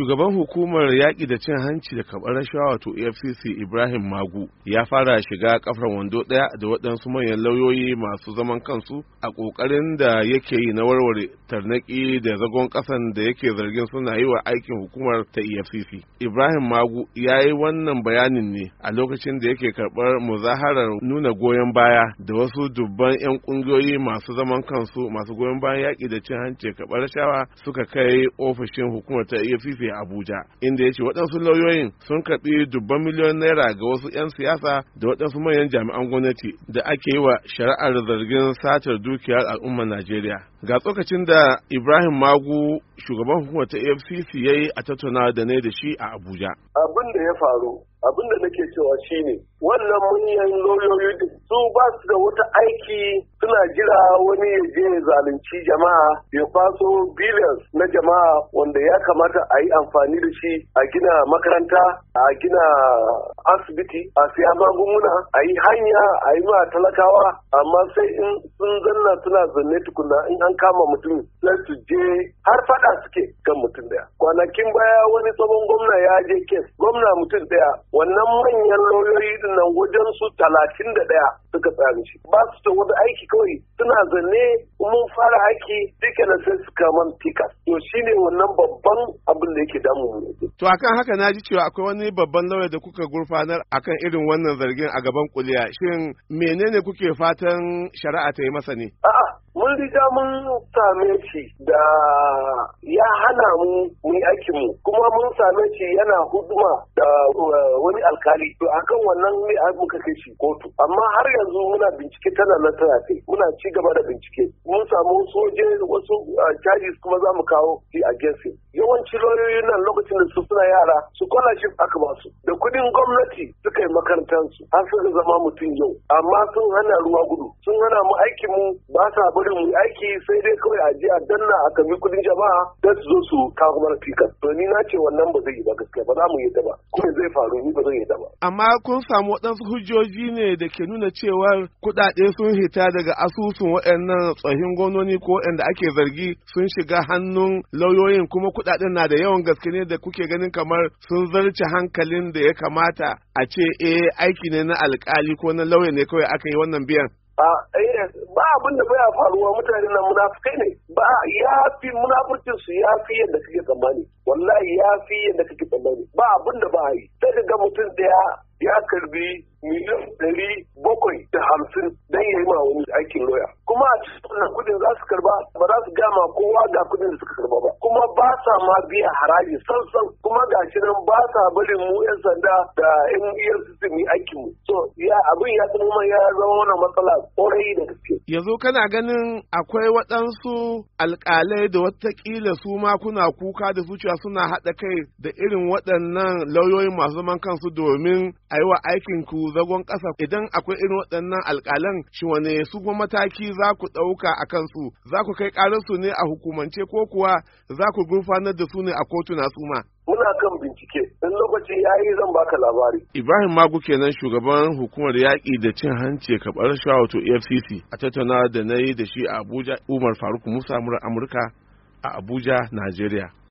shugaban hukumar yaƙi da cin hanci da karɓar rashawa wato efcc ibrahim magu ya fara shiga kafar wando ɗaya da waɗansu manyan lauyoyi masu zaman kansu a ƙoƙarin da yake yi na warware tarnaki da zagon ƙasan da yake zargin suna yi wa aikin hukumar ta efcc ibrahim magu ya yi wannan bayanin ne a lokacin da yake karɓar muzaharar nuna goyon baya da wasu dubban 'yan ƙungiyoyi masu zaman kansu masu goyon bayan yaƙi da cin hanci da karɓar rashawa suka kai ofishin hukumar ta efcc a Abuja inda ya ce waɗansu lauyoyin sun karɓi dubban miliyon naira ga wasu 'yan siyasa da waɗansu manyan jami'an gwamnati da ake yi wa shari'ar zargin satar dukiyar al'ummar Najeriya. Ga tsokacin da Ibrahim Magu shugaban hukumar ta AFCC ya yi a tattauna da ne da shi a Abuja. Abin da ya faru abin da nake cewa shi ne. wannan manyan lauyoyi su ba su da wata aiki suna jira wani ya je zalunci jama'a ya kwaso billions na jama'a wanda ya kamata a yi amfani da shi a gina makaranta a gina asibiti a siya magunguna a yi hanya a yi ma talakawa amma sai in sun zanna suna zanne tukuna in an kama mutum sai su je har fada suke kan mutum daya kwanakin baya wani tsohon gwamna ya je kes gwamna mutum daya wannan manyan lauyoyi din nan wajen su talatin da ɗaya suka tsari shi ba su ta wani aiki kawai suna zane mun fara aiki duka na sai su kaman tika to shine wannan babban abin da yake damu mu to akan haka na ji cewa akwai wani babban lauya da kuka gurfanar akan irin wannan zargin a gaban kuliya shin menene kuke fatan shari'a ta yi masa ne a'a mun riga mun same shi da ya hana mu mu yi mu kuma mun same shi yana huduma da eh, wani alkali to akan wannan ne a muka kai shi kotu amma har yanzu muna bincike tana na tana muna ci gaba da bincike mun samu soje wasu eh, charges kuma za mu kawo shi a gefe yawanci lauyoyin nan lokacin da su suna yara su scholarship aka ba su da kudin gwamnati suka yi su. An suka zama mutum yau amma sun hana ruwa gudu sun hana mu aikin mu ba sa barin aiki sai dai kawai a je a danna a kan kudin jama'a don su zo su kawo mana fikas to ni na ce wannan ba zai yi ba gaskiya ba za mu ta ba kuma zai faru ni ba zan ta ba. amma kun samu waɗansu hujjoji ne da ke nuna cewa kuɗaɗe sun hita daga asusun waɗannan tsohin gwamnoni ko waɗanda ake zargi sun shiga hannun lauyoyin kuma kuɗaɗen na da yawan gaske ne da kuke ganin kamar sun zarce hankalin da ya kamata a ce eh aiki ne na alkali ko na lauya ne kawai aka yi wannan biyan. a ba abin da baya faruwa mutane na munafukai ne ba ya fi munafurcin su ya fi yadda kake tsammani wallahi ya fi yadda kake tsammani ba abin da ba yi sai ga mutum daya ya karbi miliyan ɗari bakwai da hamsin don ya yi ma wani aikin loya kuma a cikin wannan kudin za su karba ba za su gama kowa ga kudin da suka karba ba kuma ba sa ma biya haraji sansan kuma ga shi nan ba sa barin mu yan sanda da yan efcc yi aiki mu so ya abin ya zama ya zama wannan matsala kwarai da gaske yanzu kana ganin akwai waɗansu alƙalai da watakila su ma kuna kuka da zuciya suna haɗa kai da irin waɗannan lauyoyin masu zaman kansu domin a yi wa aikin ku zagon ƙasa idan akwai irin waɗannan alƙalan shi wane su kuma mataki za ku ɗauka a kansu za ku kai ƙararsu ne a hukumance ko kuwa za ku gurfanar da su ne a kotuna su ma. muna kan bincike in lokaci ya yi zan baka labari. Ibrahim Magu kenan shugaban hukumar yaƙi da cin hanci kaɓar rashawa wato EFCC a tattauna da na yi da shi a Abuja Umar Faruk Musa Amurka a Abuja, Najeriya.